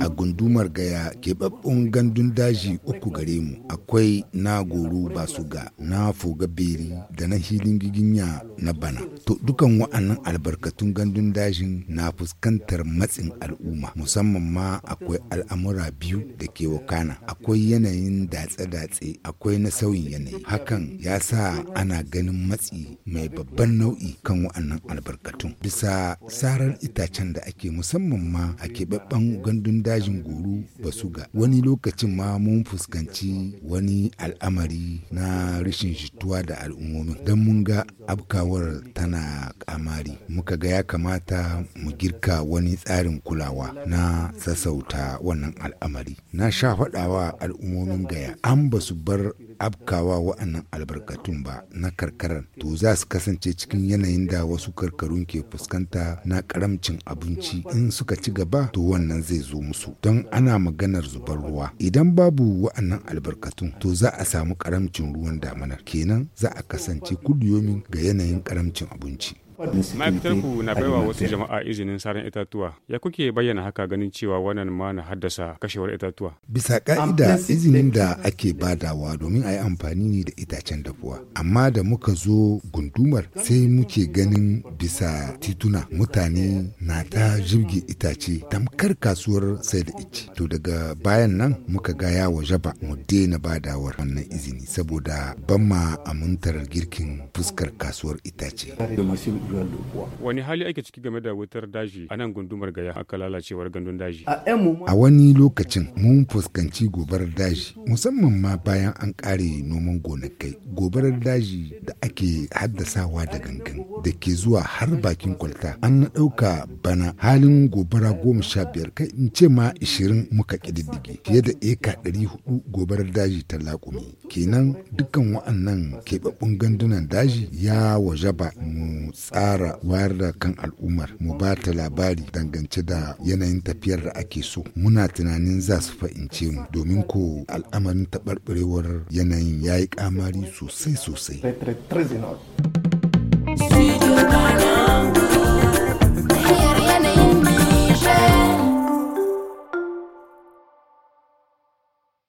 A gundumar gaya keɓaɓɓun gandun daji uku gare mu akwai na goro basuga na fogaberi da na hilin giginya na bana. To dukan wa'annan albarkatun gandun dajin na fuskantar matsin al'umma musamman ma akwai al'amura biyu da ke wakana. Akwai yanayin datse-datse akwai na sauyin yanayi. Hakan ya sa ana ganin matsi mai babban nau'i kan wa'annan albarkatun. Bisa sarar itacen da ake musamman ma a keɓaɓɓen gandun dajin goro basuga wani lokacin ma mun fuskanci wani al'amari na rashin jituwa da al'ummomin don mun ga abkawar tana kamari muka ga ya kamata mu girka wani tsarin kulawa na sassauta wannan al'amari na sha faɗawa al'ummomin gaya an basu bar abkawa wa'annan albarkatun ba na karkarar to za su kasance cikin yanayin da wasu karkarun ke fuskanta na karamcin abinci in suka ci gaba to wannan zai zo musu don ana maganar zubar ruwa idan babu wa'annan albarkatun to za a samu karamcin ruwan damanar kenan za a kasance kudiyomin ga yanayin karamcin abinci ma'aikatar ku na baiwa wasu jama'a izinin saran itatuwa ya kuke bayyana haka ganin cewa wannan ma na haddasa kashewar itatuwa bisa ka'ida izinin da ake badawa domin a yi amfani ne da itacen dafuwa amma da muka zo gundumar sai muke ganin bisa tituna mutane na ta jirgi itace tamkar kasuwar sai da ice to daga bayan nan muka ga ya waje ba mu daina badawar wannan izini saboda ban ma amintar girkin fuskar kasuwar itace Wani hali ake ciki game da wutar daji a nan gundumar gaya aka lalacewar gandun daji. A wani lokacin mun fuskanci gobarar daji musamman ma bayan an kare noman gonakai gobarar daji da ake haddasawa da gangan da ke zuwa har bakin kwalta an na ɗauka bana halin gobara goma sha biyar kai in ce ma ishirin muka ƙididdige fiye da eka ɗari hudu gobarar daji ta laƙumi kenan dukkan wa'annan keɓaɓɓun gandunan daji ya wajaba mu tsara wayar da kan al'ummar mu ba ta labari dangance da yanayin tafiyar da ake so muna tunanin za su fahimce mu domin ko al'amarin taɓarɓarewar yanayin ya yi ƙamari sosai sosai you